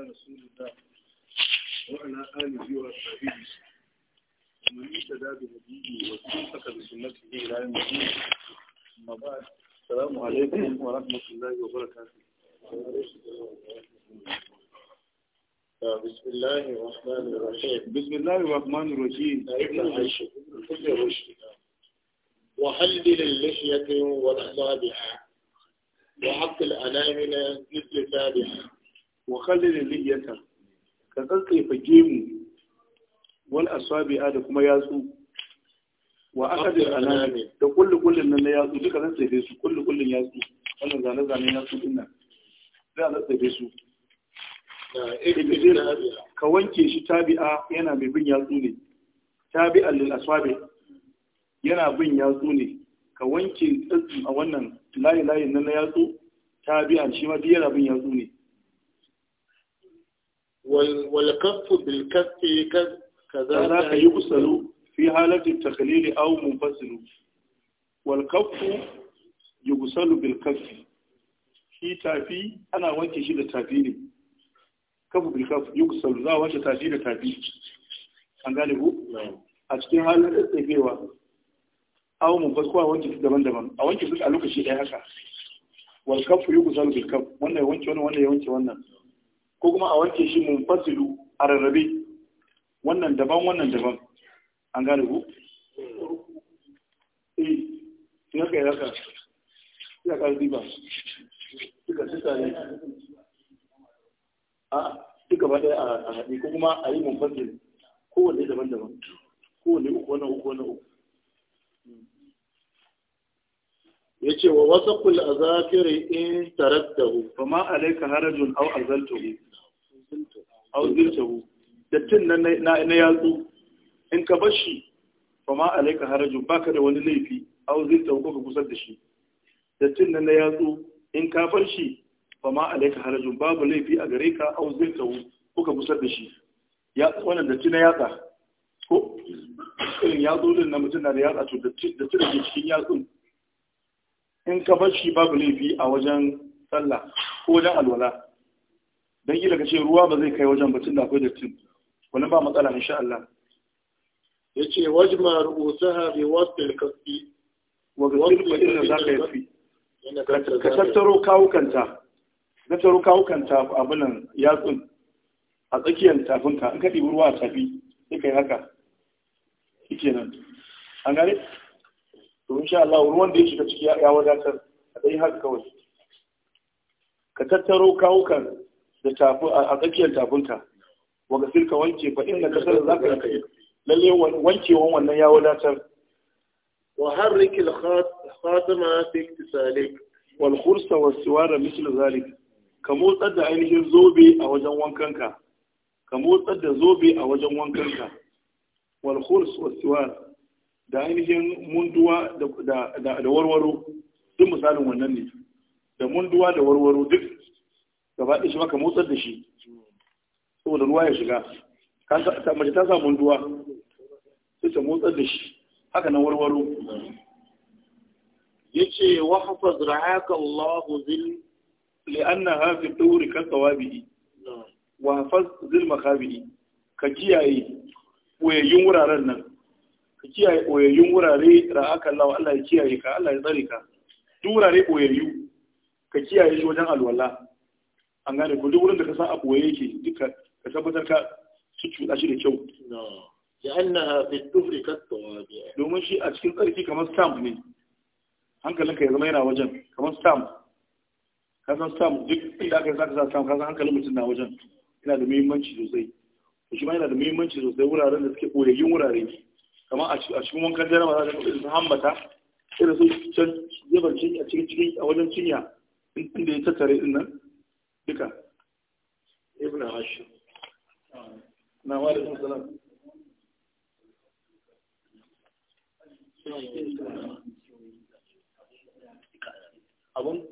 رسول الله وعلى آله وأصحابه ومن يتداد بهديه واستمسك بسنته إلى المدينة الدين أما بعد السلام عليكم ورحمة الله وبركاته بسم الله الرحمن الرحيم بسم الله الرحمن الرحيم وحل اللحية والصابحة وحق الأنامل مثل سابحة wa khallil liyata ka kakkaifa gemu aswabi a da kuma yatsu wa aka da anani da kullum kullum nan na yatsu duka zan tsaye su kullum yatsu wannan zane zane yatsu din nan za a tsaye su ka wanke shi tabi'a yana mai bin yatsu ne tabi'a lil aswabi yana bin yatsu ne ka wanke tsatsi a wannan layi layin nan na yatsu tabi'a shi ma duk yana bin yatsu ne والكف بالكف كذلك يغسل في حالة التخليل أو منفصل والكف يغسل بالكف في تافي أنا وانت شيء تافيني كف بالكف يغسل ذا وانت تافي لتافي an gane ku a cikin halin tsatsegewa awon mu farko a wanke su daban-daban a wanke su a lokaci ɗaya yi kusa bil kaf wannan ya wanke wannan ya wanke wannan ko kuma a wanke shi mun fasilu a rarrabe wannan daban wannan daban an gane ku eh ka kai haka ya kai riba duka suka ne a duka ba yi a haɗe ko kuma a yi mun fasilu kowanne daban daban kowanne uku wannan uku wannan uku ya ce wa wasa kula a zafirai in tarar da hu ba ma alaika harajun au azaltuhu aw zirtahu dattin nan na yatsu in ka bar shi ba ma alaika harajun baka da wani laifi wajen zirtahu ko ka kusar da shi dattin nan na yatsu in ka bar shi ba ma alaika harajun babu laifi a gare ka wajen zirtahu ko ka kusar da shi ya wannan datti na yatsa ko irin yatsu din na mutum na da yatsa to datti da ke cikin yatsun in ka bar shi babu laifi a wajen sallah ko wajen alwala don kila kace ce ruwa ba zai kai wajen batun da akwai dattin wani ba matsala insha Allah ya ce wajma rubusaha bi wasfil kasbi wa wasl madina za ka yafi ka tattaro kawukanta tattaro kawukanta abinan yatsun a tsakiyar tafinka in ka ɗibi ruwa a tafi sai kai haka kike nan an gane to insha Allah ruwan da ya shiga ciki ya wadatar a dai haka kawai ka tattaro kawukan da tafi a tsakiyar tafinka wa ga silka wanke fa inna kasar za ka yi lalle wankewan wannan ya wadatar wa harrik al khatama fi iktisalik wal Walhursa wa siwara mislu zalik ka motsar da ainihin zobe a wajen wankanka ka motsar da zobe a wajen wankanka wal khurs was siwar da ainihin munduwa da da warwaro duk misalin wannan ne da munduwa da warwaro duk gaba ɗaya shi maka motsar da shi saboda ruwa ya shiga mace ta samu ruwa sai ta motsar da shi haka nan warwaro Ya ce, wa hafaz rahaka Allah zil li'annaha hafi tawri kan tsawabi wa hafaz zil makabi ka kiyaye ɓoyayyun wuraren nan ka kiyaye ɓoyayyun wurare ra'aka, Allah Allah ya kiyaye ka Allah ya tsare ka duk wurare ɓoyayyu. ka kiyaye shi wajen alwala an gane ku duk wurin da ka san abu yake duka ka tabbatar ka su cuɗa shi da kyau domin shi a cikin tsarki kamar stamp ne hankalinka ya zama yana wajen kamar stamp ka san stamp duk inda aka yi sa stamp ka san hankalin mutum na wajen yana da muhimmanci sosai to shi ma yana da muhimmanci sosai wuraren da suke koyayyun wurare kamar a cikin wankan jaraba za ka ɗauki su hambata irin su can zabar cinya cikin cikin a wajen cinya inda ya tattare din nan duka ibn ashir na wa alaikum salam abun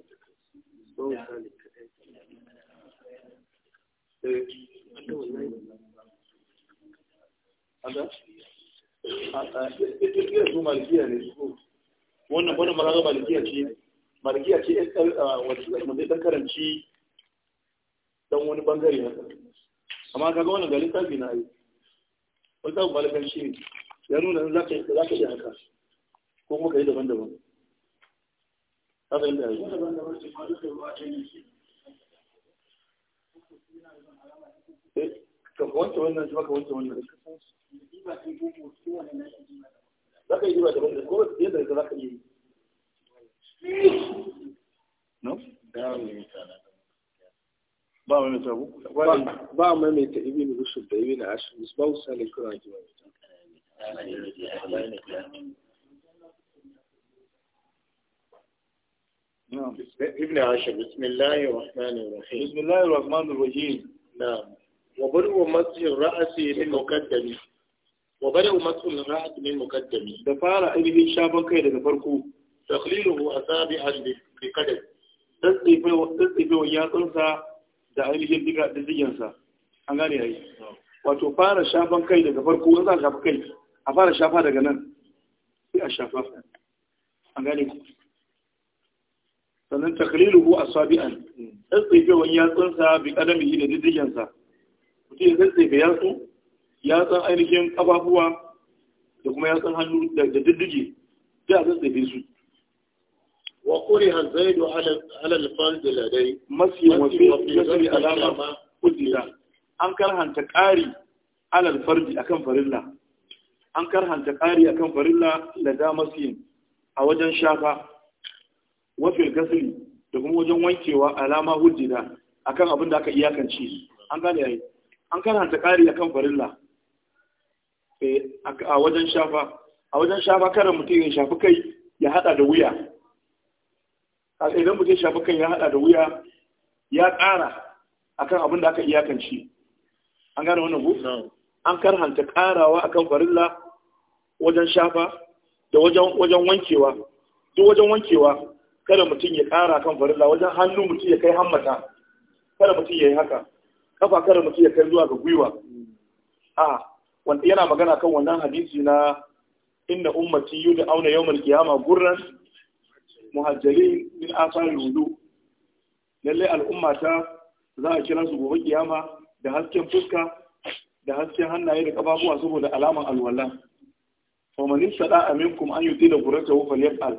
wannan wani maraga malikiya ce malikiya ce eh, eh, wacce da karanci don wani bangare haka amma kaga wani gari littafi na yi wata malakan shi ya nuna za ka yi haka ko kuma ka yi daban-daban haka yadda yi eh, ka wanke wannan shi maka wanke wannan za ka yi riba daban-daban ko yadda za ka yi no? da ya wuce نعم ابن عاشر بسم الله الرحمن الرحيم بسم الله الرحمن الرحيم نعم وبرء مسح الرأس مقدمي وبرء مسح الرأس مقدمي دفار ابن شابك daga دفاركو تخليله أصابع بقدم تسقي في يا da ainihin diga an gane yayi wato fara shafan kai daga farko wanda za shafa kai a fara shafa daga nan sai a shafa an gane ku sannan takliluhu asabi'an tsaifawan yatsunsa bi kadamihi da diddigensa mutum ya tsaifa yatsu yatsun ainihin kafafuwa da kuma yatsun hannu da diddige sai a tsaife su وقرئ الزيد على على الفرد لدي مسي وفي يسري علامة قدر أن كرهن تقاري على الفرد أكن فرلا أن كرهن تقاري أكن فرلا لدى مسي أوجن شافا وفي الغسل تقوم وجن وانكيوا علامة قدر أكن أبن داك إياكن شيء أن قال يا أن كرهن تقاري أكن فرلا a wajen shafa a wajen shafa kada mutum ya shafi ya hada da wuya idan mutum shafi kan ya hada da wuya ya ƙara akan abin da aka iyakanci an gane wannan ku an karhanta ƙarawa akan farilla wajen shafa da wajen wankewa duk wajen wankewa kada mutum ya ƙara kan farilla wajen hannu mutum ya kai hammata kada mutum ya yi haka kafa kada mutum ya kai zuwa ga gwiwa a wanda yana magana kan wannan hadisi na inna ummati yud'auna yawmal qiyamah gurran muhajjali min asarin wudu lallai al'umma ta za a kira su gobe kiyama da hasken fuska da hasken hannaye da kafafuwa saboda alaman alwala faman yastada aminkum an yutila gurratahu al.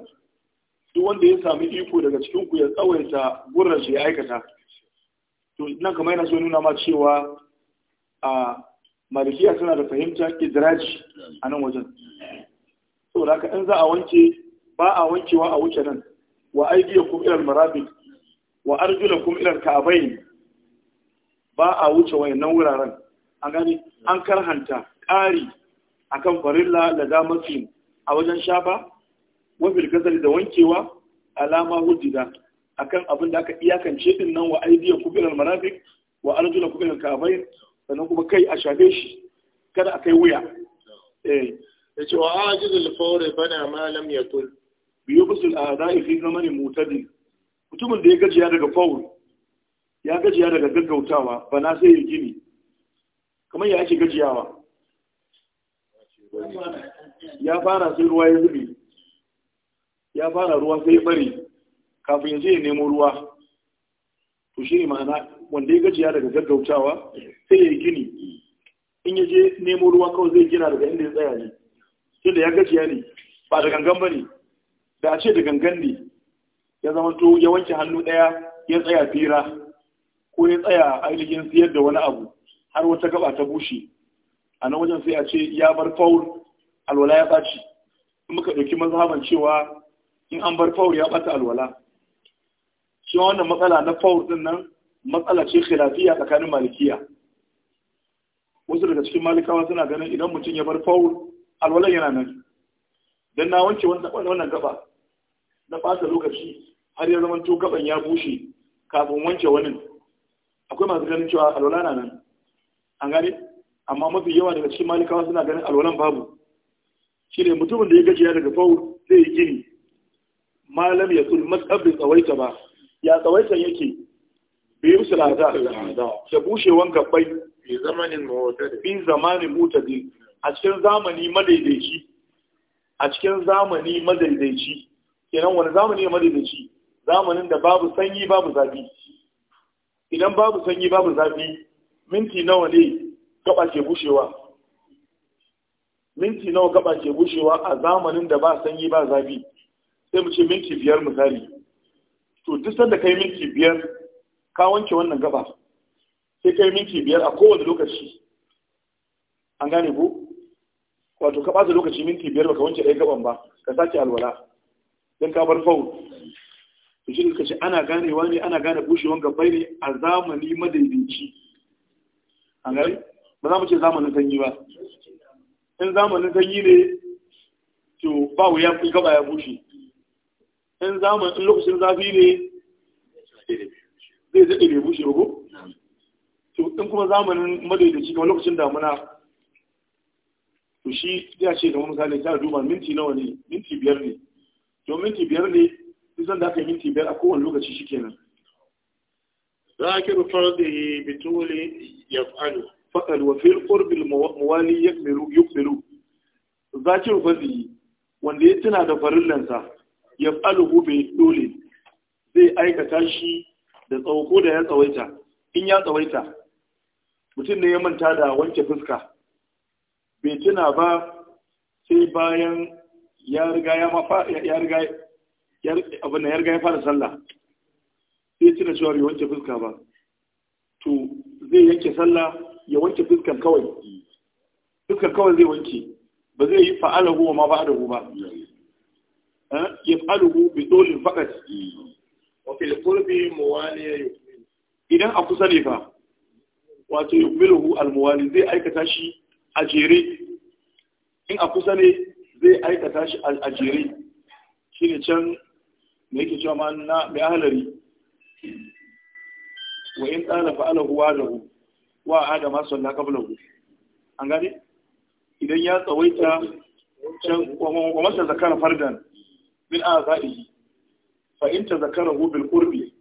duk wanda ya sami iko daga cikin ku ya tsawaita gurrar shi aikata to nan kamar yana so nuna ma cewa a malikiya suna da fahimta idraji a nan wajen saboda haka in za a wanke ba a wankewa a wuce nan wa aidiyakum ila al-marafiq wa arjulakum ila al-ka'bayn ba a wuce wayannan wuraren an gani an karhanta ƙari akan farilla da damasin a wajen shafa fil kasari da wankewa alama hujjida akan abin da aka iyakance din nan wa aidiya ku bil marafiq wa arjula ku bil kafayn sannan kuma kai a shafe shi kada a kai wuya eh yace wa ajizul fawri bana ma lam yakul biyu bisul a da'ifi zamanin mutadin mutumin da ya gajiya daga faul ya gajiya daga gaggautawa ba na sai gini kamar ya ake gajiyawa ya fara sai ruwa ya zube ya fara ruwa sai bari kafin ya je ya nemo ruwa to shi ne ma'ana wanda ya gajiya daga gaggautawa sai ya gini in ya je nemo ruwa kawai zai gina daga inda ya tsaya ne tunda ya gajiya ne ba da gangan ba ne da a ce da gangan ne ya zama to ya wanke hannu ɗaya ya tsaya fira ko ya tsaya ainihin siyar da wani abu har wata gaba ta bushe a nan wajen sai a ce ya bar faul alwala ya ɓaci In muka ɗauki mazhaban cewa in an bar faul ya ɓata alwala shi wannan matsala na faul din nan matsala ce khilafiya tsakanin malikiya wasu daga cikin malikawa suna ganin idan mutum ya bar faul alwala yana nan don na wanke wannan gaba na fata lokaci har ya zama to gaban ya bushe kafin wanke wani akwai masu ganin cewa alwala na nan an gane amma mafi yawa daga cikin malikawa suna ganin alwalan babu shi ne mutumin da ya gajiya daga fawo zai yi gini malam ya tsul matsabin tsawaita ba ya tsawaitan yake biyu sulata da bushewan gabbai bi zamanin mutadil a cikin zamani madaidaici a cikin zamani madaidaici kenan wani zamani ya madaidaici zamanin da babu sanyi babu zafi idan babu sanyi babu zafi minti nawa ne gaba ke bushewa minti nawa gaba ke bushewa a zamanin da ba sanyi ba zafi sai mu ce minti biyar misali to duk sanda kai minti biyar ka wanke wannan gaba sai kai minti biyar a kowane lokaci an gane ku wato ka bata lokaci minti biyar baka wanke ɗaya gaban ba ka sake alwala don ka bar faul da shi suka ce ana ganewa ne ana gane bushewan gaba ne a zamani madaidaici a gari ba za mu ce zamanin sanyi ba in zamanin sanyi ne to ba wuya fi gaba ya bushe in zamanin lokacin zafi ne zai zaɗe bushe ba ko to in kuma zamanin madaidaici kamar lokacin damuna to shi ya ce kamar misali ta duba minti nawa ne minti biyar ne to minti biyar ne isan da aka yi minti biyar a kowane lokaci shi kenan Za a zakiru fardihi bituli yaf'alu faqal wa fil qurbi muwali yakmilu yukmilu zakiru fardihi wanda ya tuna da sa, farillansa yaf'aluhu bi dole zai aikata shi da tsawo ko da ya tsawaita in ya tsawaita mutum ne ya manta da wanke fuska bai tuna ba sai bayan ya riga ya mafa ya riga abin da ya riga ya fara sallah sai tuna cewa ya wanke fuska ba to zai yanke sallah ya wanke fuskan kawai fuskan kawai zai wanke ba zai yi fa'alahu ma ba da eh, ba ya fa'alahu bi dolin fakat wa fil qurbi muwaliya idan a kusa ne fa wato yukmiluhu al muwali zai aikata shi a jere in a kusa ne zai aikata shi a jere shi ne can da yake cewa ma na mai ahalari wa in tsara hu wa da wa adama kafin lagu. an gani? idan ya tsawaita can wa masa zakara fardan min azaihi fa in hu bil qurbi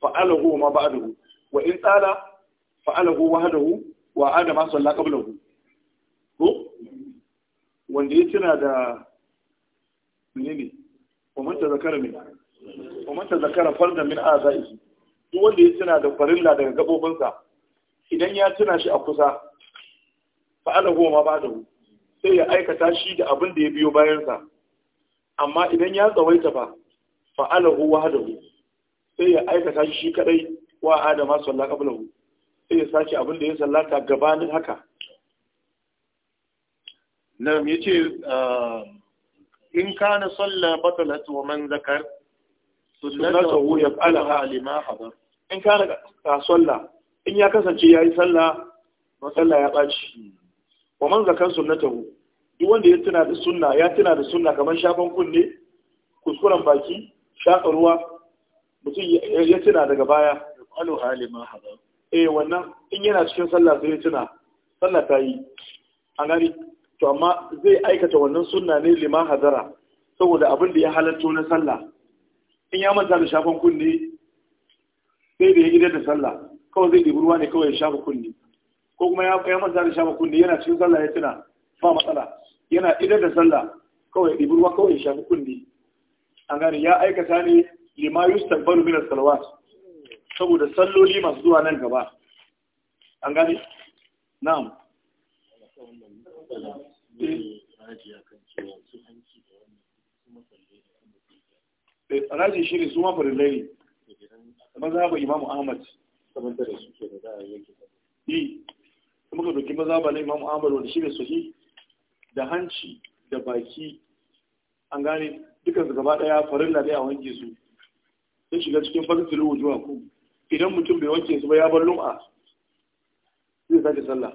fa'alahu ma ba'dahu wa in tsara fa alahu wa a adama kafin lagu. wanda ya tuna da menene ومن تذكر من ومن تذكر فردا من آذائه duk wanda ya tuna da farilla daga gabobinsa idan ya tuna shi a kusa fa'ala ma ba da sai ya aikata shi da abin da ya biyo bayansa amma idan ya tsawaita ba fa'ala huwa da sai ya aikata shi kadai wa adama Sallaka, qablahu sai ya sace abin da ya sallaka gabanin haka nan ya ce uh, in na salla batalat wa man zakar ya yaqalaha lima hadar in kana ka uh, salla in ya kasance yayi salla ba salla ya ɓaci. wa man zakar sunnatahu duk wanda ya tuna da sunna ya tuna da sunna kamar shafan kunne kuskuren baki shaƙa ruwa mutum ya tuna daga baya yaqaluha lima hadar eh wannan in yana cikin sallah sai ya tuna sallah ta yi an gani to amma zai aikata wannan sunna ne lima hadara saboda abin da ya halatto na sallah in ya manta da shafan kunne sai da ya gidan da sallah kawai zai dibi ruwa ne kawai ya shafa kunne ko kuma ya manta da shafa kunne yana cikin sallah ya tuna ba matsala yana idan da sallah kawai ya dibi ruwa kawai ya shafi kunne an gane ya aikata ne lima yustaqbalu min as-salawat saboda salloli masu zuwa nan gaba an gane na'am haraji eh. eh, shi ne su ma farillai maza ba imamu ahmad sabantar da suke da za a yanke yi kuma ka doki ba na imamu ahmad wanda shi ne sahi da hanci da baki an gane dukkan gaba daya farilla ne a wanke su sun shiga cikin fasilu wujuwa ku idan mutum bai wanke su ba ya bar lum'a zai sake sallah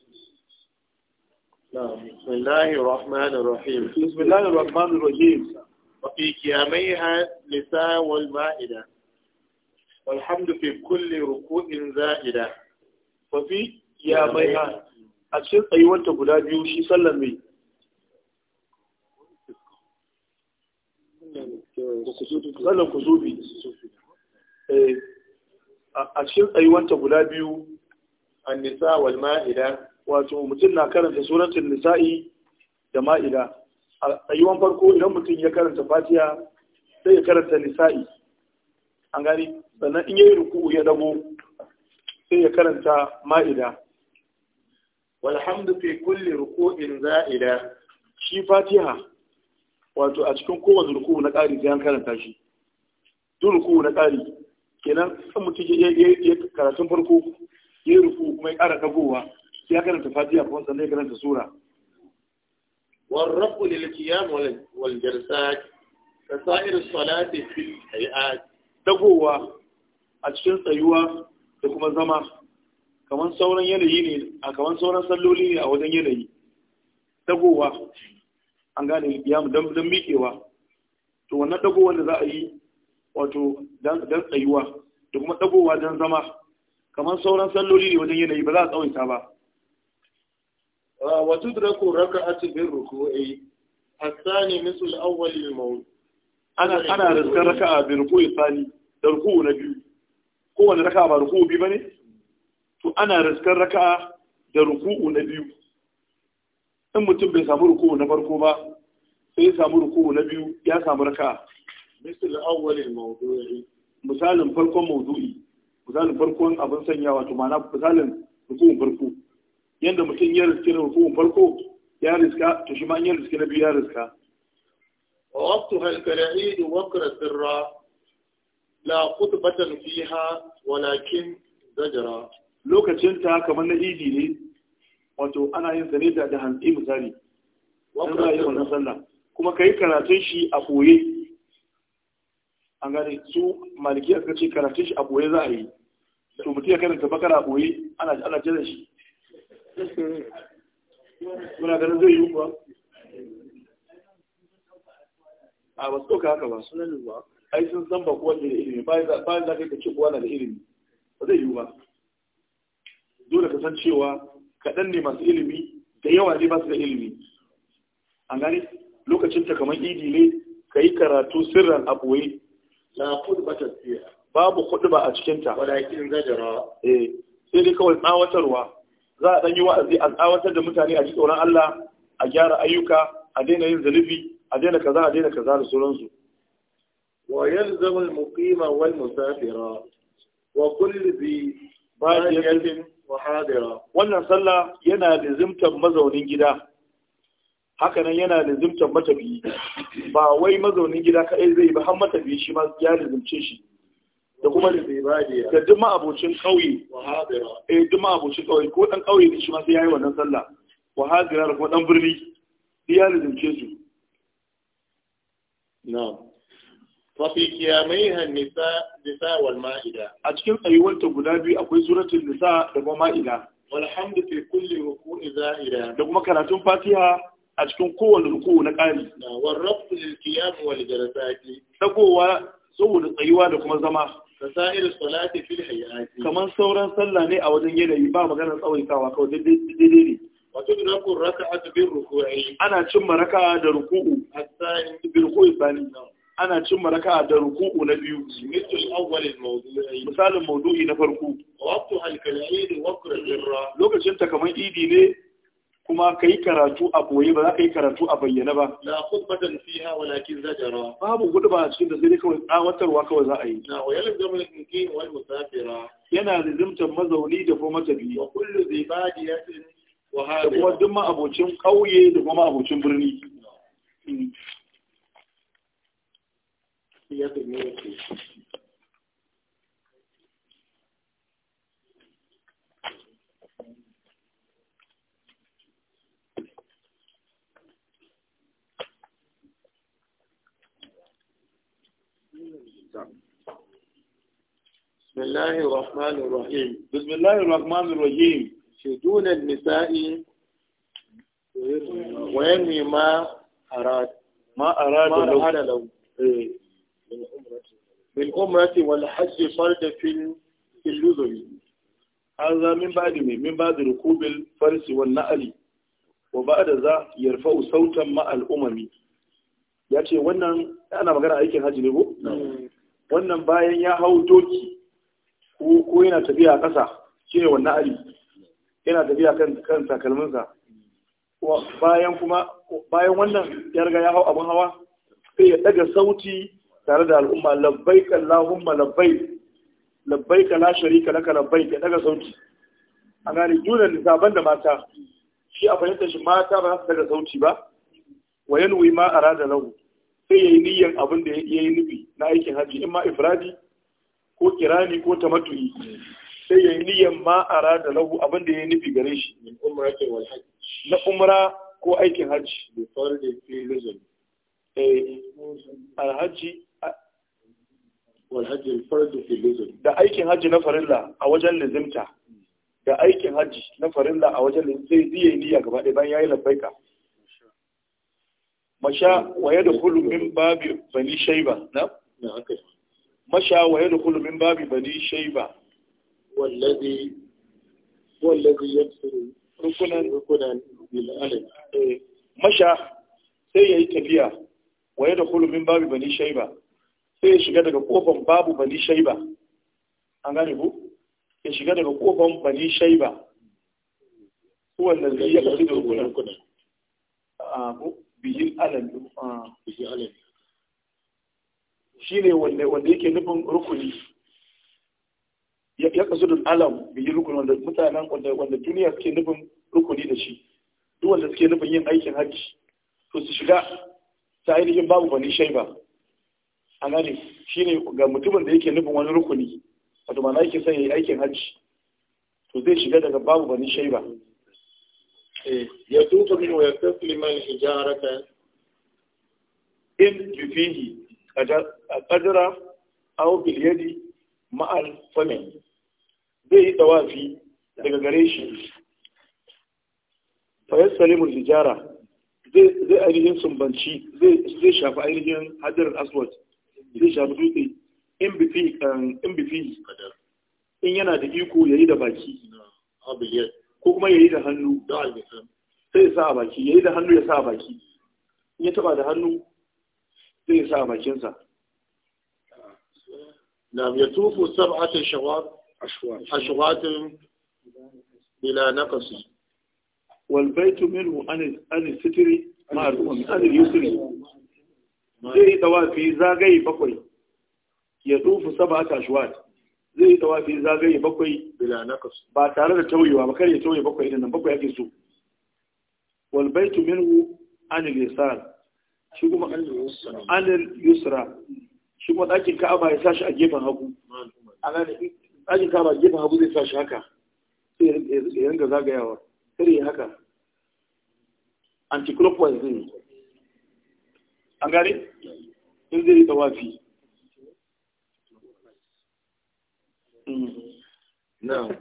نعم. بسم الله الرحمن الرحيم بسم الله الرحمن الرحيم وفي كياميها النساء والمائدة والحمد في كل ركوع زائدة وفي كياميها أشير أيوان تقول هذا يوشي سلمي sallan kuzubi a cikin tsayuwanta guda biyu an wato mutum na karanta suratun nisa'i da ma'ida a tsayuwan farko idan mutum ya karanta fatiha sai ya karanta nisa'i an gani sannan in yi ruku ya dago sai ya karanta ma'ida walhamdu fi kulli in za'ida shi fatiha wato a cikin kowane ruku na ƙari sai an karanta shi duk ruku na ƙari kenan sai mutum ya karatun farko ya yi ruku kuma ya ƙara dagowa ya karanta fatiha kuma sannan ya karanta sura warrabu lil qiyam wal jarsak ka sa'ir salati fil hayat dagowa a cikin tsayuwa da kuma zama kamar sauran yanayi ne a kamar sauran salloli ne a wajen yanayi dagowa an gane qiyam dan dan miƙewa to wannan dagowa da za a yi wato dan tsayuwa da kuma dagowa dan zama kamar sauran salloli ne wajen yanayi ba za a tsawaita ba وتدرك ركعة بالركوع الثاني مثل الأول الموت أنا أنا رزق ركعة بالركوع الثاني da ruku'u na biyu kowane raka'a ba ruku'u biyu bane to ana riskar raka'a da ruku'u na biyu in mutum bai samu ruku'u na farko ba sai ya samu ruku'u na biyu ya samu raka'a misal awwalil mawdu'i misalin farkon mawdu'i misalin farkon abin sanyawa to ma'ana misalin ruku'un farko yadda mutum ya riske na rukun farko ya riska to shi ma ya riske na biyu ya riska ووقتها da وقر sirra la qutbatan fiha walakin zajra lokacin ta kamar na idi ne wato ana yin zane da da hanzi misali an za a yi sallah kuma ka yi karatun shi a koye an gane su maliki aka ce karatun shi a koye za a yi to mutum ya karanta bakara a koye ana ana jira shi muna ganin zai yi kuwa a ba su haka ba sunan ba ai sun san ba kowa da ilimi bayan za ka ce kowa na da ilimi ba zai yi ba dole ka san cewa kaɗan ne masu ilimi da yawa ne masu da ilimi an gani lokacin ta kamar idi ne ka yi karatu sirran a na kudu ba babu kudu ba a cikinta wadakin zajara eh sai dai kawai tsawatarwa za a ɗan yi wa'azi a tsawatar da mutane a ji tsoron Allah a gyara ayyuka a daina yin zulubi a daina kaza a daina kaza da sauransu wa yalzamu al-muqima wal musafira wa kulli bi ba'iyatin wa hadira wannan sallah yana da zimtar mazaunin gida hakanan yana da zimtar matafi. ba wai mazaunin gida kaɗai zai ba har matafi shi ma ya zimce shi da kuma da duk ma'abocin ƙauye eh duk ma'abocin ƙauye ko ɗan ƙauye ne shi ma sai wa wannan sallah wa hajjira da kuma ɗan birni duk ya lizimce su na Fafi kiyamai qiyamaiha nisa nisa wal ma'ida a cikin tsayuwanta guda biyu akwai suratun nisa da kuma ma'ida walhamdu fi kulli ruku'i zahira da kuma karatun fatiha a cikin kowane ruku na ƙari. Na warrafu lil qiyam wal jarasati. Dagowa saboda tsayuwa da kuma zama. kasa'ir salati fil hayati kaman sauran sallah ne a wajen yanayi ba maganar tsawaitawa kawai daidai ne wato da ku raka'atu bir ruku'i ana cin raka'a da ruku'u asani bir ruku'i sani ana cin raka'a da ruku'u na biyu misalin awwal mawdu'i misalin mawdu'i na farko waqtu al-kala'id waqra jirra lokacin ta kaman idi ne kuma ka yi karatu a boye ba za ka yi karatu a bayyana ba. La khutbatan fiha walakin zajara. Babu gudu ba a cikin da zai kawai tsawatarwa kawai za a yi. Na wa yalan in kinki wal musafira. Yana lizimtar mazauni da kuma matafi. Wa kullu zibadiyatin wa hada. Kuma duk ma abocin kauye da kuma abocin birni. Ya ne بسم الله الرحمن الرحيم بسم الله الرحمن الرحيم شدون النساء وينهي ما أراد ما أراد ما أراد له بالأمرة والحج فرد في في اللذل هذا من بعد من بعد ركوب الفرس والنعل وبعد ذا يرفع صوتا مع الأمم ya ce wannan ana magana aikin hajji ne ko wannan bayan ya hau doki ko yana tafiya a ƙasa shi ne wannan ali yana tafiya kan kan takalminsa bayan kuma bayan wannan ya riga ya hau abin hawa sai ya daga sauti tare da al'umma labbaik allahumma labbaik labbaik la sharika laka labbaik ya daga sauti a gane juna lissaban da mata shi a fahimtar shi mata ba za su daga sauti ba wa yanwi ma arada lahu sai yayi niyyan abin da yayi nufi na aikin haji in ma ifradi ko kirani ko matuyi sai ya yi niyan ma arada lahu abin da ya nufi gare shi na umra ko aikin hajji eh, alhaji da aikin hajji na farilla a wajen lizimta da aikin hajji na farilla a wajen lizimta zai yi niyya gaba ɗaya bayan ya yi labbaika masha waye da kullum min babi bani shaiba na? na haka masha wa yadkhulu min babi bani shayba wallazi wallazi yabsuru rukunan rukunan bil alif eh, masha sai yayi tafiya wa yadkhulu min babi bani shayba sai ya shiga daga kofan babu bani shayba an gane ku ya shiga daga kofan bani shayba huwa allazi yabsuru rukunan rukunan bihi alif bihi alif shi ne wanda yake nufin rukuni ya kasu da alam bi yi rukuni wanda mutanen wanda duniya suke nufin rukuni da shi duk wanda suke nufin yin aikin hajji to su shiga ta ainihin babu bani shaiba a gane shi ne ga mutumin da yake nufin wani rukuni wato mana yake son ya yi aikin hajji to zai shiga daga babu bani shaiba eh, ya tuka min wa ya taslima al-hijarata in yufihi Ƙadara au biliyadi ma'al famin zai yi tawafi daga gare shi fayar salimun hijara zai ainihin sumbanci zai shafi ainihin hadirin aswad zai shafi dutse in bifi in yana da iko ya yi da baki ko kuma ya yi da hannu sai ya sa a baki ya yi da hannu ya sa a baki in ya taba da hannu sai sa a sa. Na ya tufu sab'atin shawar ashwatin bila naqasi wal baitu minhu an an sitri ma'rufun an yusri zai dawafi zagaye bakwai ya tufu sab'atin ashwat zai dawafi zagaye bakwai bila naqasi ba tare da tauyewa ba kar ya tauye bakwai din nan bakwai ake so wal baitu minhu an al-yasar shi kuma anil yusra shi kuma ɗakin ka'aba ya sashi a gefen hagu ɗakin ka'aba gefen hagu zai sashi haka sai ya zagayawa sai ya haka anticlockwise zai an gane in zai yi tawafi mm-hmm. na'am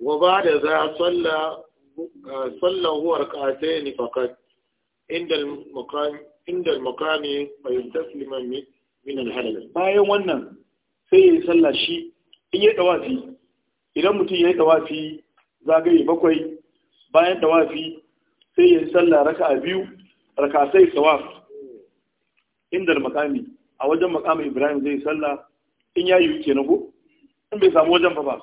wa ba da za a tsalla huwar ƙasai ne fakat inda al-makani bayan tasliman min al-halal bayan wannan sai ya yi sallah shi in yi dawafi idan mutum ya yi dawafi zagaye bakwai bayan dawafi sai ya yi sallah a biyu raka sai tsawaf inda al-makami a wajen makamin Ibrahim zai yi sallah in ya yi ke nago in bai samu wajen ba ba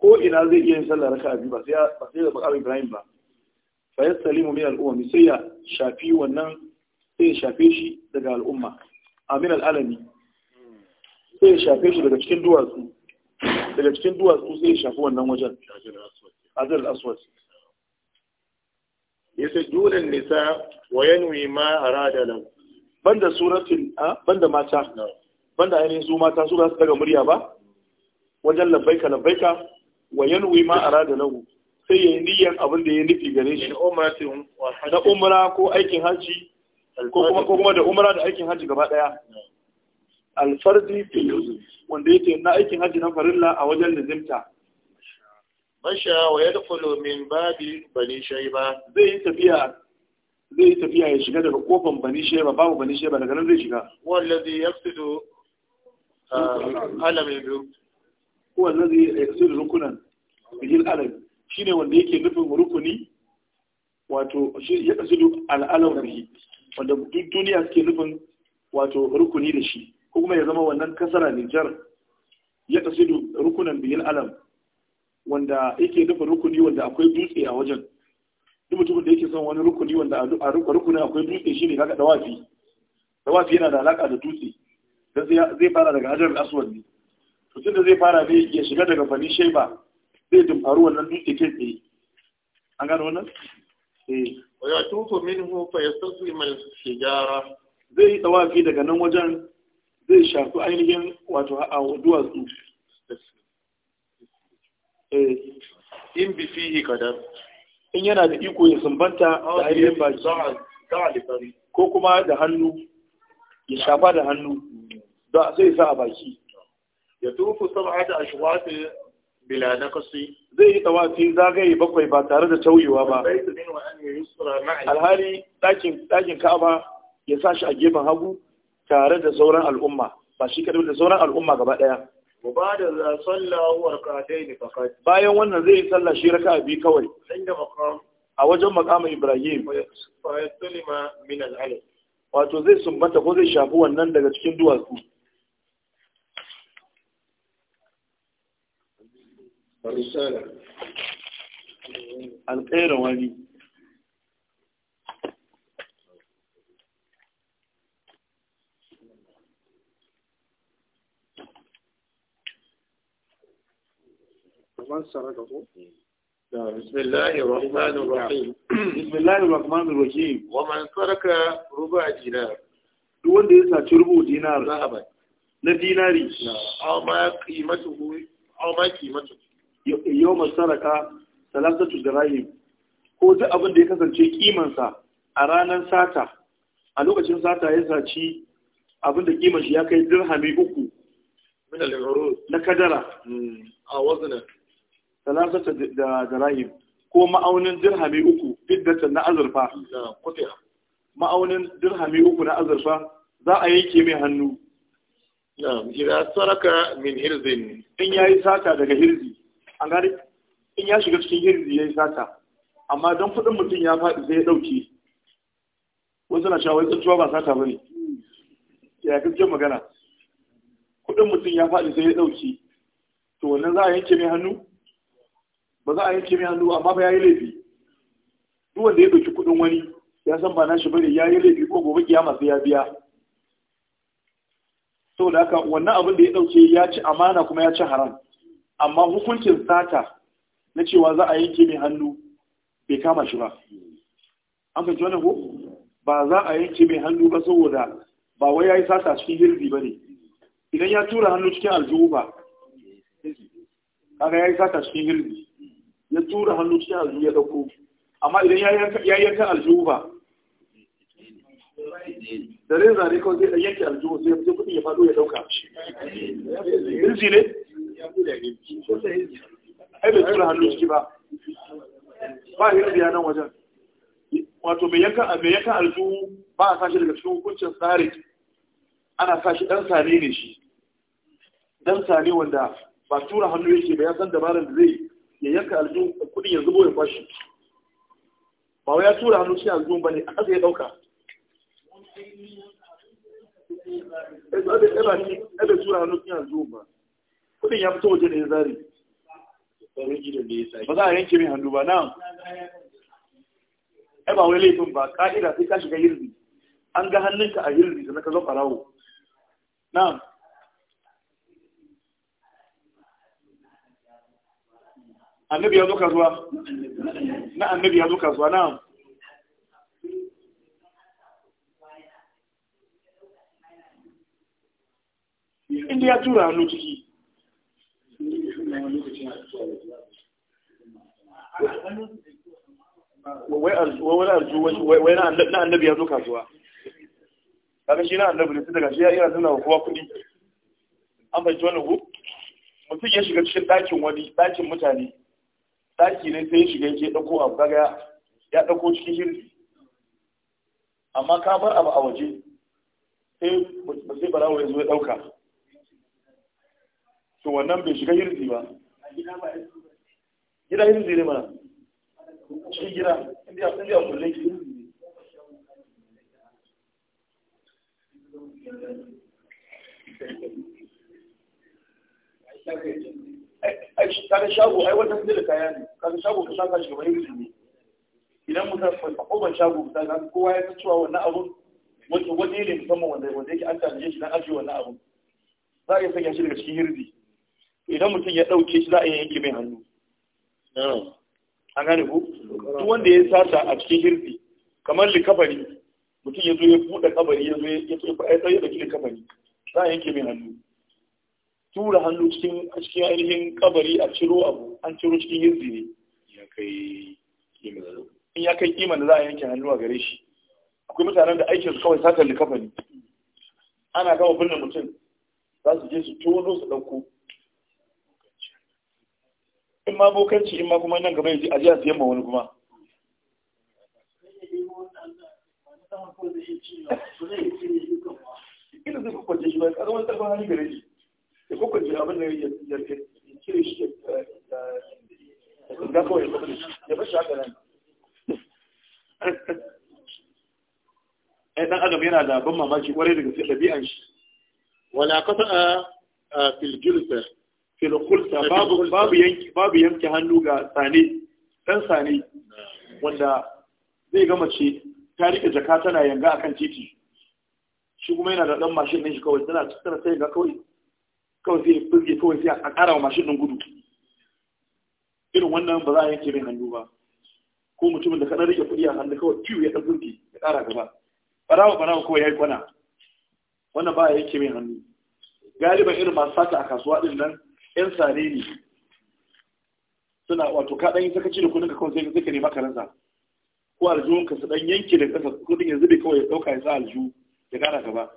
ko ina zai iya yin sallah a biyu ba sai ya makamin Ibrahim ba fa min al'umma, sai ya shafi wannan sai ya shafe shi daga al'umma amin al'alami sai ya shafe shi daga cikin duwatsu daga cikin duwatsu sai ya shafi wannan wajen azal aswad yasjulan nisa wa yanwi ma arada lahu banda suratin banda mata banda ainihin su mata su ba su daga murya ba wajen labbaika labbaika wa yanwi ma arada lahu sai ya yi niyyar abin da ya nufi gare shi na umra ko aikin hajji ko kuma da umra da aikin hajji gaba daya alfardi fil wanda yake na aikin hajji na farilla a wajen lazimta masha wa ya dukulu min babi bani shaiba zai yi tafiya zai tafiya ya shiga daga kofan bani shaiba babu bani shaiba daga nan zai shiga wallazi yafsidu ah, alam yadu wallazi yafsidu rukunan bil alam shine wanda yake nufin rukuni wato shi ya duk al'alau shi. wanda duk duniya suke nufin wato rukuni da shi ko kuma ya zama wannan kasara ne jar ya duk rukunan biyan alam wanda yake nufin rukuni wanda akwai dutse a wajen duk mutumin da yake son wani rukuni wanda a rukunin akwai dutse shi ne kaka dawafi dawafi yana da alaka da dutse zai fara daga hajar aswad ne to da zai fara ne ya shiga daga fani shaiba zai dumfaru wannan dutse ke tsaye an gano wannan eh. wa ya tuko ya fa yastaslim al shigara zai yi tawafi daga nan wajen zai shafi ainihin wato a duwatsu eh. in bi fihi kadar in yana da iko ya sumbanta da ainihin baki ko kuma da hannu ya shafa da hannu da zai sa a baki ya tufu sab'ata ashwat bila zai yi tawafi zagaye bakwai ba tare da tauyewa ba alhali dakin dakin Ka'aba ya shi a gefen hagu tare da sauran al'umma ba shi kadai da sauran al'umma gaba daya bayan wannan zai sallah shi raka bi kawai a wajen maqamin Ibrahim wato zai sumbata ko zai shafi wannan daga cikin duwatsu الرسالة القيرواني ومن سرقه بسم الله الرحمن الرحيم بسم الله الرحمن الرحيم ومن سرق ربع دينار دون ده يسا تربو دينار ذهبا na dinari amma qimatuhu aw ma kimatu yawma saraka salatatu ko duk abin da ya kasance kimansa a ranar sata a lokacin sata ya saci abin da kiman shi ya kai dirhami uku min al na kadara hmm. a wazna salatatu ko ma'aunin dirhami uku na azurfa ma'aunin dirhami uku na azurfa za a yanke mai hannu na'am saraka min hirzin in yayi sata daga hirzi an gani in ya shiga cikin hirzi yayi sata amma don kuɗin mutum ya faɗi sai ya ɗauke wasu na shawai tsuntuwa ba sata ba ne ya gaskiyar magana kuɗin mutum ya faɗi sai ya ɗauke to wannan za a yanke mai hannu ba za a yanke mai hannu amma ba ya yi laifi duk wanda ya ɗauki kuɗin wani ya san ba nashi bane ya yi laifi ko gobe kiyama sai ya biya saboda haka wannan abin da ya dauke ya ci amana kuma ya ci haram amma hukuncin sata na cewa za a yanke mai hannu bai kama shi ba an fahimci wannan ko ba za a yanke mai hannu ba saboda ba wai ya yi sata cikin girbi ba ne idan ya tura hannu cikin aljihu ba kaga ya yi sata cikin girbi ya tura hannu cikin aljihu ya dauko amma idan ya yi yankan aljihu ba da zai zane kawai zai yanke aljihu sai sai kuɗi ya faɗo ya ɗauka hirji ne ai bai tura hannu ciki ba ba hirji ya nan wajen wato mai yankan aljihu ba a sashi daga cikin hukuncin tsari ana sashi ɗan sane ne shi ɗan sane wanda ba tura hannu yake ba ya san dabarar da zai ya yanka aljihu kuɗi ya zubo ya kwashe ba wai ya tura hannu cikin aljihu ba ne a ƙasa ya ɗauka ebe tura hannun ya zuwa ba kudin ya fito waje da ya zari ba za a yanke mai hannu ba na ai ba wai laifin ba ka'ida sai ka shiga hirzi an ga ka a hirzi sannan ka zo farawo na annabi ya zo kasuwa na annabi ya zo kasuwa na duk inda ya tura hannu ciki wai na annabi ya zo kasuwa kaga shi na annabi ne daga shi ya yi nuna wa kowa kuɗi an fahimci wannan ku mutum ya shiga cikin ɗakin wani ɗakin mutane ɗaki ne sai ya shiga ya ɗauko abu kaga ya ɗauko cikin hirfi amma ka bar abu a waje sai barawo ya zo ya ɗauka to wannan bai shiga yirzi ba gida hirzi ne mana cikin gida indiya indiya kullum kada shago ai wannan zai da kaya ne kada shago ka saka shi yirzi ne idan mutum ban shago ga kowa ya san cewa wannan abun wani ne musamman wanda yake an tanaje shi dan ajiye wannan abun za a iya sanya shi daga cikin hirzi idan mutum ya ɗauke shi za a yanke mai hannu an gane ku tu wanda ya sata a cikin hirfi kamar likabari mutum ya zo ya buɗe kabari ya zo ya da likabari za a yanke mai hannu tura hannu cikin cikin ainihin kabari a ciro abu an ciro cikin hirfi ne in ya kai kima da za a yanke hannu a gare shi akwai mutanen da aikin su kawai sata likabari ana gama binne mutum za su je su tono su ɗauko in ma bokanci in ma kuma nan gaba yaji a siyan ma wani kuma ina zai kwakwace shi ba kaga wani hali gare shi ya kwakwace abin da ya cire shi ya kawai ya bashi haka nan ai dan adam yana da ban mamaki kwarai da gaske shi wala a fil khulsa babu babu yanki babu yanki hannu ga sane dan sane wanda zai ga mace ta rike jaka tana yanga akan titi shi kuma yana da dan mashin din shi kawai tana tana sai ga kawai kawai sai furge kawai sai a ƙara wa mashin din gudu irin wannan ba za a yanke mai hannu ba ko mutumin da kaɗan rike kuɗi a hannu kawai ciwo ya ɗan furge ya ƙara gaba barawa barawa kawai ya yi kwana wannan ba a yanke mai hannu galiban irin masu sata a kasuwa ɗin nan yan ne. suna wato kaɗan, yi sakaci da kudin ka kawai sai ka nema karansa ko aljihun ka su ɗan yanke da ƙasa, kudin yanzu bai kawai ya ya sa aljihu ya ka gaba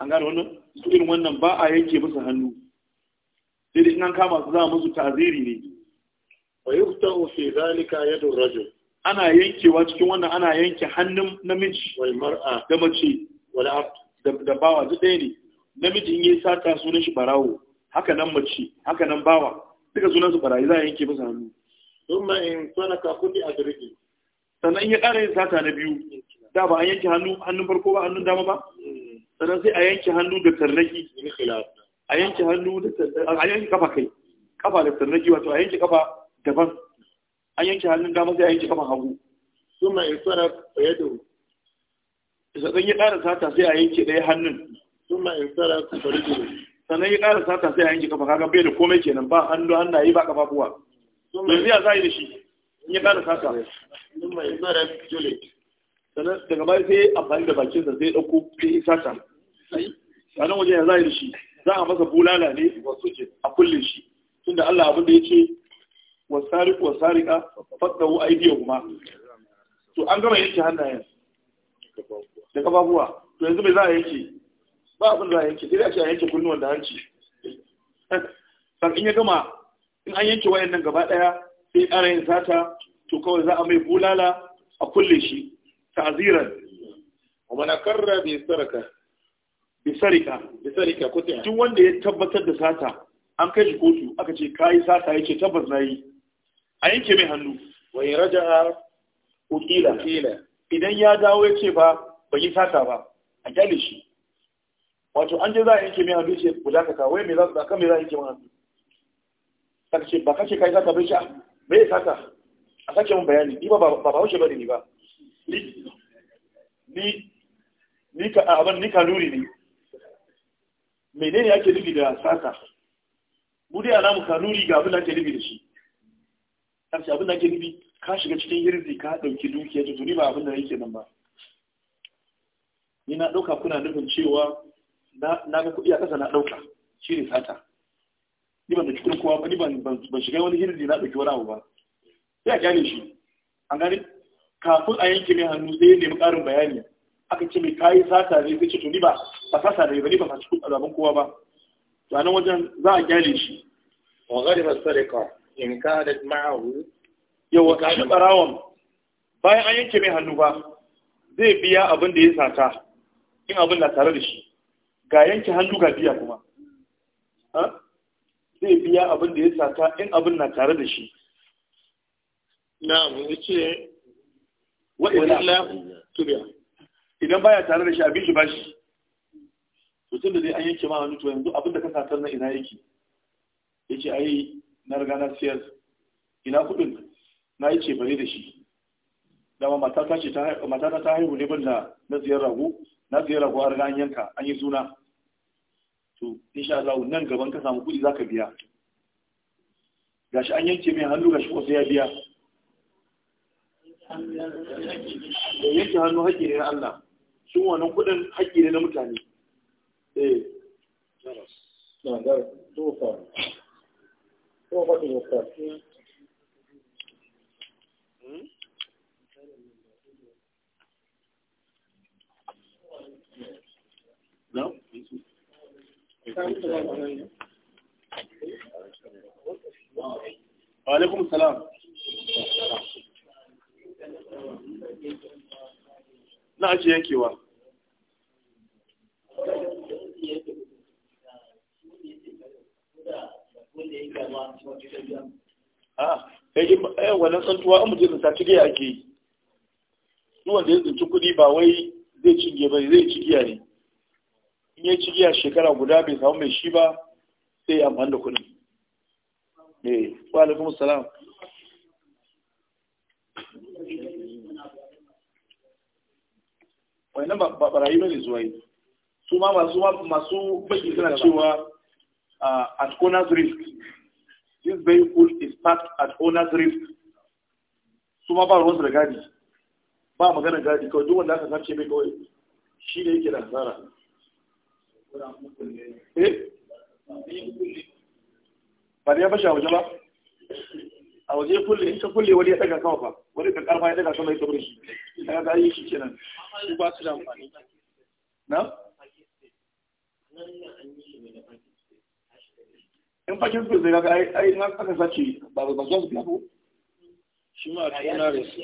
an gane wannan su irin wannan ba a yanke musu hannu sai dai in an kama su za musu taziri ne wa yuftahu fi zalika yadu rajo? ana yankewa cikin wannan ana yanke hannun namiji wai mar'a da mace wala da bawa duk ɗaya ne namiji in yi sata sunan shi barawo haka nan mace haka nan bawa duka sunan su barayi za a yanke masa hannu thumma in kudi a adriki sannan in ya ƙara yin sata na biyu da ba an yanke hannu hannun farko ba hannun dama ba sannan sai a yanke hannu da tarnaki a yanke hannu da a yanke kafa kai kafa da tarnaki wato a yanke kafa daban an yanke hannun dama sai a yanke kafa hagu thumma in Da yadu sannan ya ƙara sata sai a yanke ɗaya hannun thumma in da farjuhu sannan ya ƙara sata sai a yanke kafa kaga bai da komai kenan ba hannu hannaye ba kafafuwa yanzu ya sa yi da shi in ya ƙara sata sannan daga baya sai amfani da bakinsa sai ɗauko sai ya sata sannan waje ya za da shi za a masa bulala ne a kullum shi tunda Allah abin da ya ce wasariku wasarika fadahu aydiyahuma to an gama yanke hannayen da kafafuwa to yanzu bai za a yanke ba abin da yanke sai ce a yanke kunnuwan da hanci san in ya gama in an yanke wayan nan gaba daya sai ƙara yin sata to kawai za a mai bulala a kulle shi ta'ziran wa man akarra bi saraka bi sarika bi sarika kuta duk wanda ya tabbatar da sata an kai shi kotu aka ce kai sata yake tabbas nayi a yanke mai hannu wa in raja'a ukila idan ya dawo yace ba bai yi sata ba a kyale shi wato an je za a yanke mai hannu ce ku dakata wai me za su daka me za a yanke mai hannu saka ce ba kace kai ka bishi ah, me ya saka a sake mun bayani ni ba ba ba wuce bane ni ba ni ni ka abin ni kaluri ne menene ake nufi da saka mu dai alamu luri ga abin da ake nufi da shi ce abin da ake nufi ka shiga cikin hirzi ka dauki dukiya to ni ba abin da yake nan ba ni na dauka kuna nufin cewa na ga kuɗi a ƙasa na ɗauka shi ne sata ni ban ɗauki kowa ba ni ban shiga wani hirji na ɗauki wani abu ba sai a gane shi an gane kafin a yanke mai hannu sai ya nemi ƙarin bayani aka ce mai kayi sata ne sai ce to ni ba ba sata ne ba ni ba fashi cikin zaben kowa ba to a nan wajen za a gane shi wa ghariba ka in ka da ma'ahu yawa kashi barawon bayan an yanke mai hannu ba zai biya abin da ya sata in abin na tare da shi ga yanke hannu ga biya kuma zai biya abin da ya sata in abin na tare da shi na mu tubiya idan baya tare da shi abin shi bashi mutum da zai an yanke ma wani to yanzu abin da ka satar na ina yake yace ai na riga na siyar ina kudin na yi cefane da shi dama matata ta haihu ne ban da na siyar rago na siyar rago an riga an yanka an yi suna to insha Allah nan gaban ka samu kuɗi zaka biya gashi an yanke mai hannu gashi ko sai ya biya da eh, yanke hannu haƙƙi ne na Allah sun wannan kudin haƙƙi ne na mutane eh na da wa na ake yankewa ah, a eh, wannan santuwa an mutum ta gaya ake yi wanda ya tsinci kuɗi ba wai zai cinye ba zai cigiya ne in ya ci giya shekara guda bai samu mai shi ba sai amfani da kuɗi eh wa alaikum salam Wani ba barayi ne zuwa yi su ma masu masu baki suna cewa at owner's risk this vehicle is parked at owner's risk su ma ba su da gadi ba magana gadi kawai duk wanda aka sarce bai kawai shi ne yake da hasara eh ba da ya bashi a waje ba a waje kulle in kulle wani ya daga sama ba wani ka karfa ya daga sama ya tabbata shi daga da yi shi kenan su ba su da amfani na in fakin su zai ga ai na aka sace ba ba zuwa su biyu shi ma a da su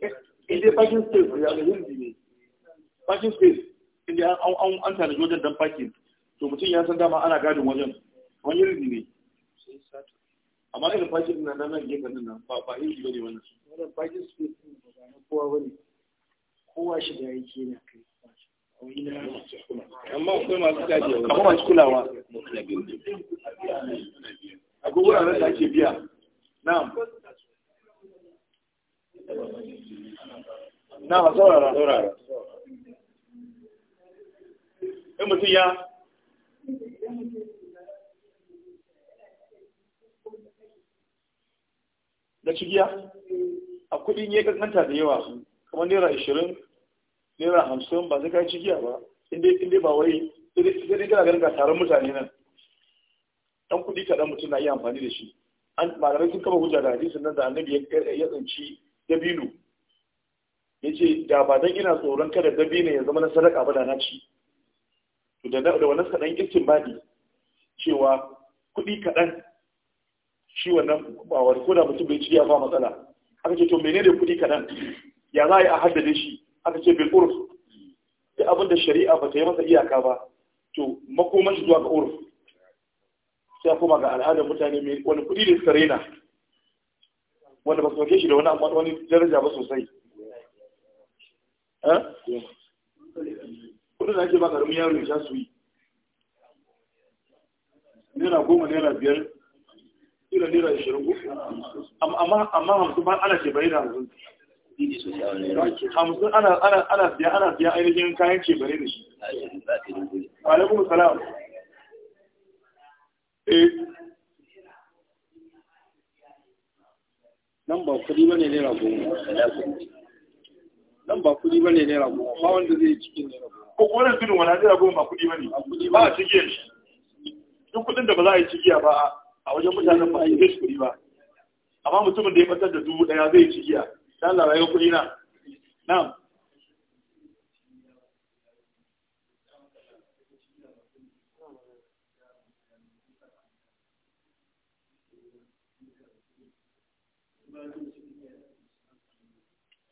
eh, in fakin space ya ga hindi ne fakin space inda an an tana wajen dan parking to mutum ya san dama ana gadin wajen wani rubi ne amma irin parking na nan gefen nan ba ba yin ne. wannan wannan parking space ne ba na kowa bane kowa shi da yake ne kai amma akwai masu gaji amma masu kulawa akwai wuraren da ake biya na'am na'am saurara saurara in mutum ya da cigiya a kudin ya kankanta da yawa kamar naira ashirin naira hamsin ba zai kai cigiya ba inda ba wai sai dai kana ganin ga taron mutane nan dan kudi kaɗan mutum na iya amfani da shi an malamai sun kama hujja da hadisin nan da annabi ya tsinci dabino ya ce da ba dan ina tsoron kada dabino ya zama na sadaka ba da na ci da da wannan kadan badi cewa kuɗi kaɗan shi wannan ba wani ko da mutum bai ci ya ba matsala aka ce to menene kuɗi kaɗan ya za a yi a haddade shi aka ce bil urf da abin da shari'a ba ta yi masa iyaka ba to makoman shi zuwa ga urf sai kuma ga al'adar mutane mai wani kuɗi da suka raina wanda ba su ɗauke shi da wani amma wani daraja ba sosai eh? kudin da ake ba karamin yaro ya su yi nera goma nera biyar ila naira ashirin goma amma hamsin ba ana ce bai da hamsin hamsin ana biya ana biya ainihin kayan ce bare da shi wa alaikum salam eh. nan ba kudi ba ne nera goma ba wanda zai cikin nera goma ko wannan tudun wani hajjira goma ba kuɗi ba ne ba a cike shi duk kuɗin da ba za a yi cigiya ba a wajen mutanen ba a yi zai kudi ba amma mutumin da ya fatar da dubu ɗaya zai yi cigiya ta Allah ya kuɗi na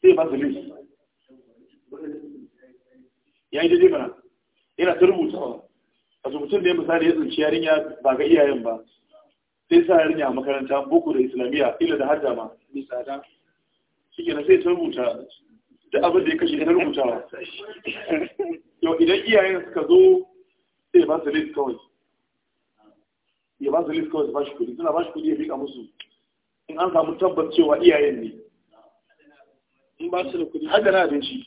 Sí, más ba su ya yi daidai mana yana ta rubuta rubutawa a mutum da ya misali ya tsinci yarinya ba ga iyayen ba sai sa yarinya a makaranta boko da islamiyya ila da hadda ma ni tsada shi kenan sai ta rubuta da abin da ya kashe ta rubutawa yau idan iyayen suka zo sai ya ba su list kawai ya ba su list kawai su ba shi kuɗi suna ba shi kuɗi ya miƙa musu in an samu tabbas cewa iyayen ne in ba su da kuɗi har abinci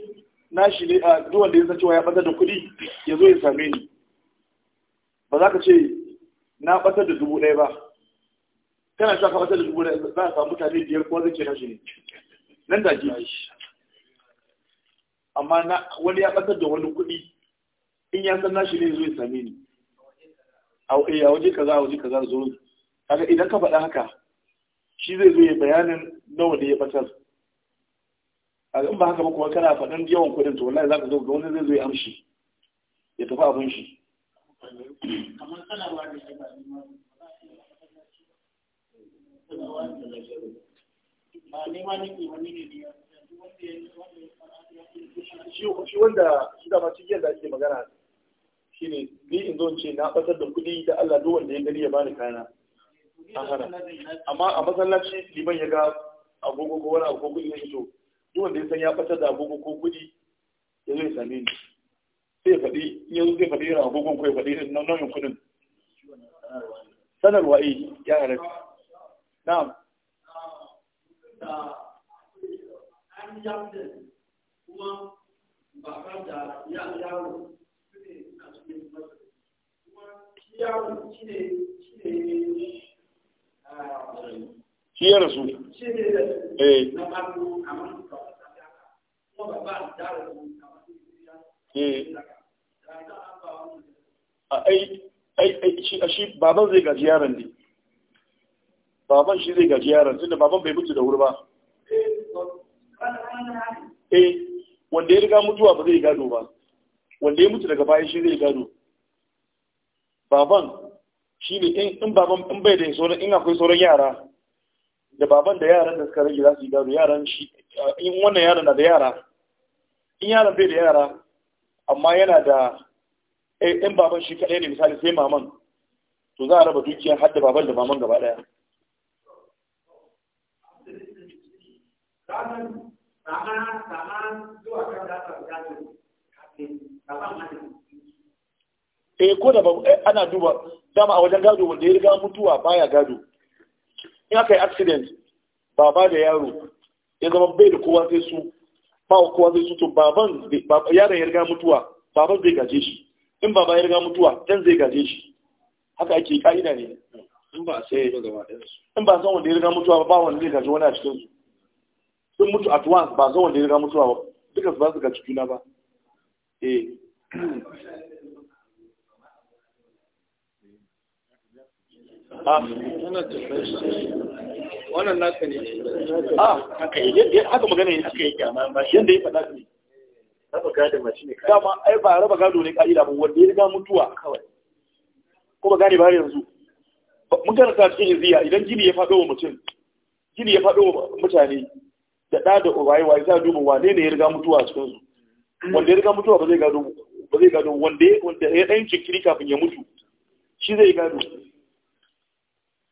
nashi ne a duk wanda ya san cewa ya batar da kuɗi ya zo ya same ni ba za ka ce na batar da dubu ɗaya ba kana cewa ka batar da dubu ɗaya za a samu mutane biyar ko zai ce shi ne nan da ke amma wani ya batar da wani kuɗi in ya san nashi ne ya zo ya same ni eh, a waje kaza a waje kaza zo kaga idan ka faɗa haka shi zai zo ya bayanin nawa ne ya batar a in ba haka ba kuma kana faɗin yawan kudin to wallahi za ka zo ga wani zai zo ya amshi ya tafi abin shi shi wanda shi da masu da ake magana shi ne ni in zo ce na ɓatar da kudi da Allah duk wanda ya gani ya bani kayana a hana amma a masallaci liban ya ga agogo ko wani agogo ya fito duk wanda ya san ya ɓatar da agogo ko kuɗi ya zai same ni sai faɗi in yanzu zai faɗi irin agogon ko ya faɗi irin nau'in kuɗin sanarwa eh ya harafi na'am kuma ba da yaro yaro shi ne shi ne eh, shi ya rasu eh. eh a ai, ai, ai, shi baban zai gaji yaron ne baban shi zai gaji yaron tunda baban bai mutu da wuri ba eh wanda ya riga mutuwa ba zai gado ba wanda ya mutu daga bayan shi zai gado baban shi ne in baban in bai da sauran in akwai sauran yara da baban da yaran da suka rage za su yi gado yaran shi in wannan yaran na da yara in yaran bai da yara amma yana da eh, in baban shi kaɗai ne misali sai maman to za a raba dukiyar har da baban da maman gaba ɗaya eh ko da eh, ana duba dama a wajen gado wanda ya riga mutuwa baya gado in aka yi accident baba da yaro ya zama bai da kowa sai su ba kowa sai su to baban yaron ya riga mutuwa baban zai gaje shi in baba ya riga mutuwa dan zai gaje shi haka ake ka'ida ne in ba sai in ba san wanda ya riga mutuwa ba wanda zai gaje wani a cikin su sun mutu at once ba san wanda ya riga mutuwa ba duka su ba su gaji juna ba eh Ah. wannan naka ne a ah, haka yadda haka magana ne haka yake amma yadda ya faɗa ne raba gado ma shine kai dama ai ba raba gado ne ka'ida ba wanda ya riga mutuwa kawai ko ba gani ba yanzu mun karanta cikin iziya idan gini ya faɗo wa mutum gini ya faɗo wa mutane da ɗa da uwaye waye za a duba wane ne ya riga mutuwa a cikin su wanda ya riga mutuwa ba zai gado ba zai gado wanda ya ɗan jinkiri kafin ya mutu shi zai gado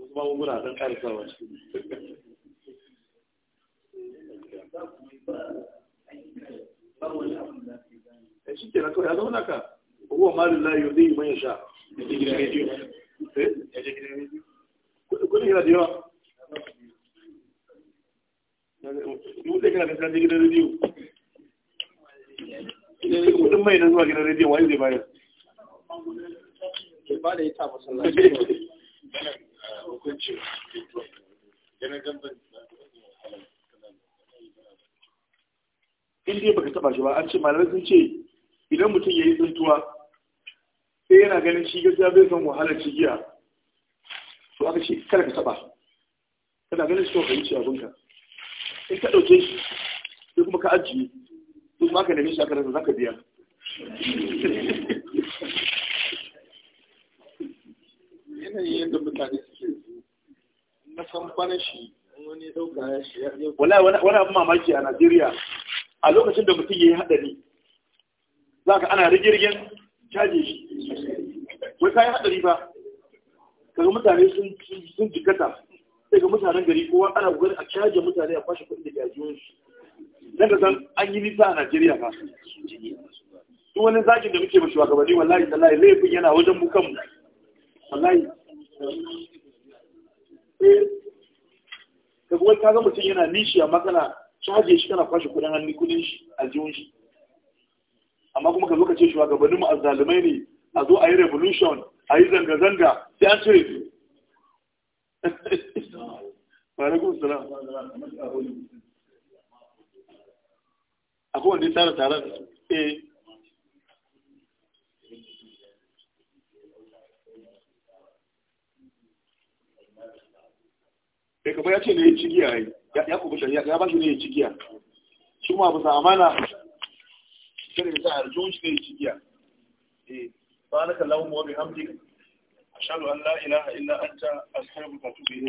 wasu magunguna don karisa wa a eh, shi ke na kawai malin layo zai yi sha ya rediyo eh? kudin yana da yawa yana da kudin mai na zuwa rediyo wani zai bayar ba da ya ta masallaci hukuncin in dai baka taba shi ba an ce malamai sun ce idan mutum ya yi tsuntuwa sai yana ganin shi gaskiya zai san wahalar cigiya giya to aka ce kada ka taba kana ganin shi kawai yi abinka in ka ɗauke shi sai kuma ka ajiye duk ma ka nemi shi aka rasa za ka biya kamfanin shi wani dauka shi wani abin mamaki a Najeriya a lokacin da mutum ya yi haɗari za ka ana rigirgin caje shi wai kayan haɗari ba kaga mutane sun jikata sai ga mutanen gari kowa ana gani a caje mutane a kwashe kuɗin da gajiyar shi dan ka san an yi nisa a Najeriya ba duk wani zakin da muke ba shugabanni wallahi tallahi laifin yana wajen mu kanmu wallahi kaga wai kaga mutum yana nishi amma kana caje shi kana kwashe kudin hannu kudin shi a jiwon shi amma kuma ka zo ka ce shi shugabannin mu azzalumai ne a zo a yi revolution a yi zanga-zanga sai an cire su Walaikun salam. Akwai wanda ya tara taron eh sai kamar ya ce ne ya ci giya yayi ya kuma shi ya ba shi ne ya ci giya Su ma bisa amana sai da sa arjun shi ne ya ci giya eh subhanaka allahumma wa bihamdika ashhadu an la ilaha illa anta astaghfiruka wa atubu